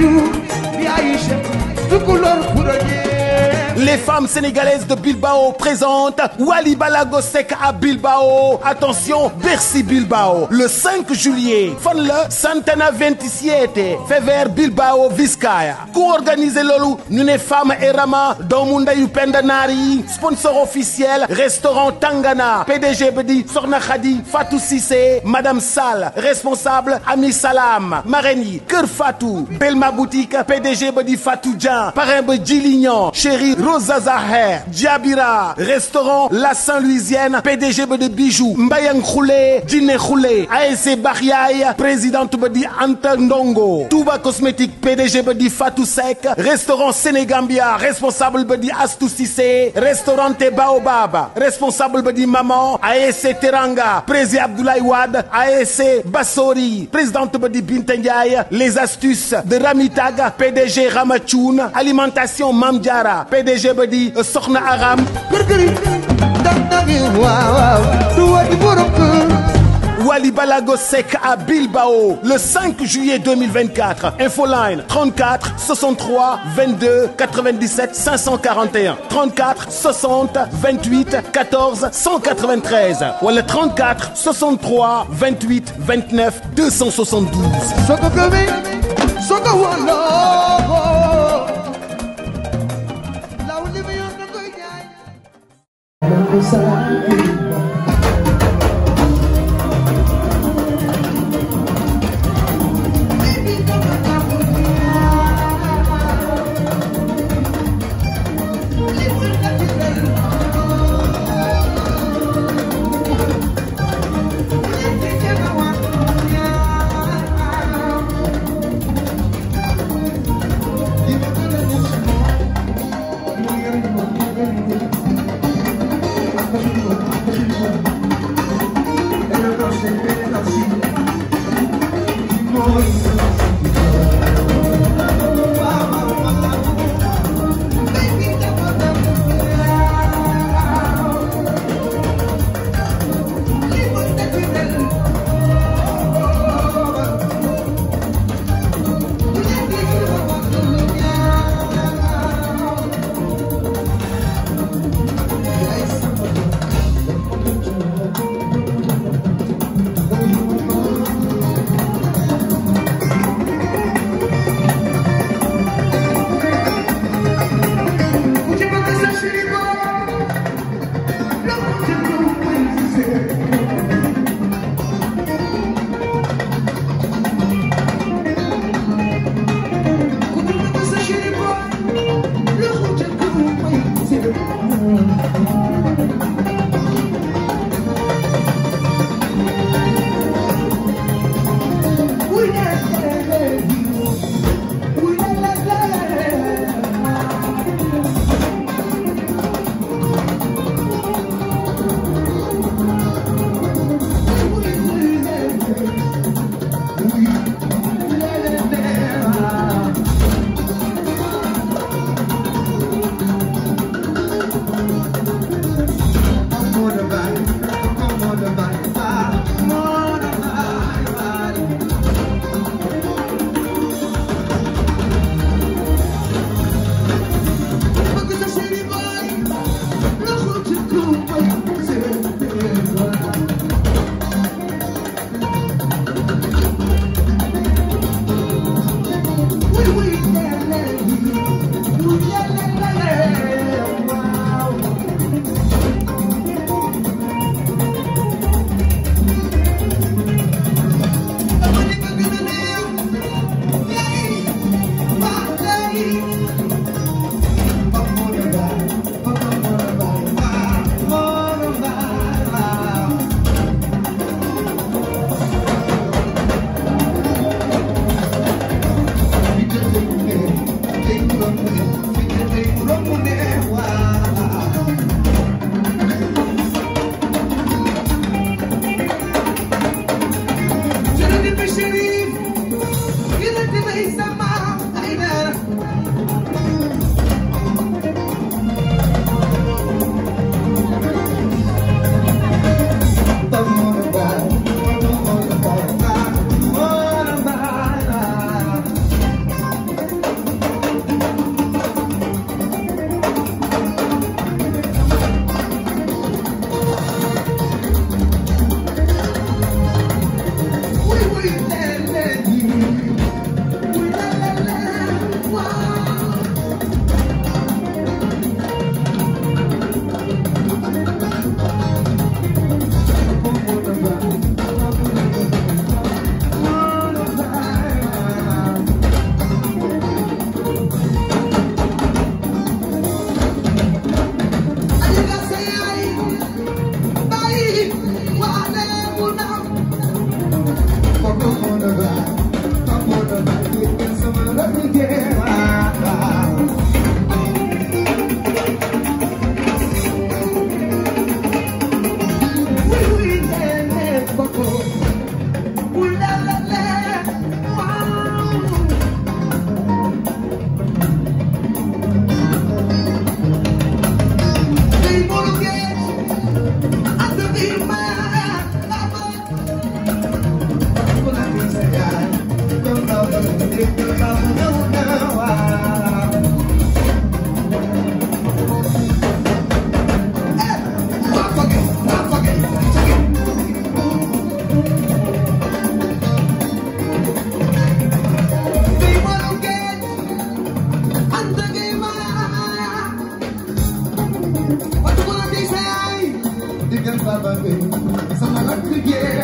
jour bi ay chef tukulóor Les femmes sénégalaises de Bilbao présentent Wally Balago Seck à Bilbao. Attention, Bercy Bilbao. Le 5 juillet, fan la Santana 27 Fever Bilbao Vizcaya. Co-organisé loolu ñu ne Fama et Rama doomu ndeyu Penda Naar yi sponsor officiel restaurant Tangana PDG bi di Soxna Khady Fatou Cissé Madame Sall responsable Ami Salam marraine yi Kër Belma boutique PDG ba di Fatou Dian parrain ba Djilignan Rosa Zaher Diabira restaurant La Saint-Louisienne PDG ba de Bijou Mbayang Khoulé Dine Khoulé ASC Bakhyaay présidente ba di Anta Ndongo Touba Cosmétique PDG ba di Fatou Seck restaurant Sénégambia responsable ba di Astou Cissé restaurant Te Baobab responsable ba di Maman ASC Teranga président Abdoulaye Wade ASC Bassori présidente ba di Binta les astuces de Ramitag PDG Ramathoun alimentation Mam DG ba di euh, soxna Aram kër-këri dag dagi waaw waaw du wadi borom kër Wally Balago Seck à Bilbao le 5 juillet 2024 infoline 34 63 22 97 541 34 60 28 14 193 wala 34 63 28 29 272. Side. yeah.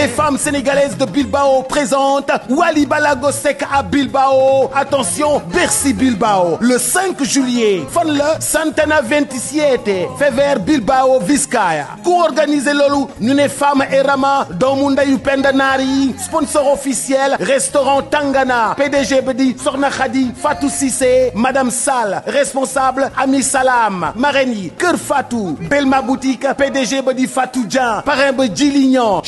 Les femmes sénégalaises de Bilbao présentent Wally Balago Seck à Bilbao. Attention, Bercy Bilbao le 5 juillet. Fan la Santana 27 Fever Bilbao Vizcaya. Co-organisé loolu ñu ne Fama et Rama doomu ndeyu Penda Naar yi sponsor officiel restaurant Tangana PDG bi di Soxna Khadi Fatou Madame Sall responsable Ami Salam marraine yi Kër Belma boutique PDG ba di Fatou Dia parrain ba Djilignon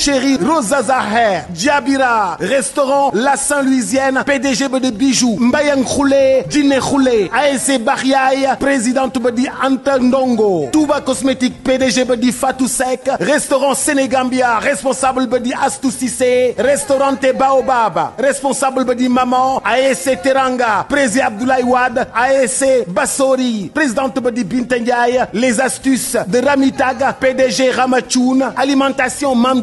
Tonton Zaza Hair Diabira restaurant La Saint-Louisienne PDG ba de Bijou Mbayang Khoulé Dine Khoulé ASC Bakhyaay présidente ba di Anta Ndongo Touba Cosmétique PDG ba di Fatou Seck restaurant Sénégambia responsable ba di Astou Cissé restaurant Baobab responsable ba di Maman ASC Teranga président Abdoulaye Wade ASC Bassori présidente ba di Binta les astuces de Ramitag PDG Ramachoun alimentation Mam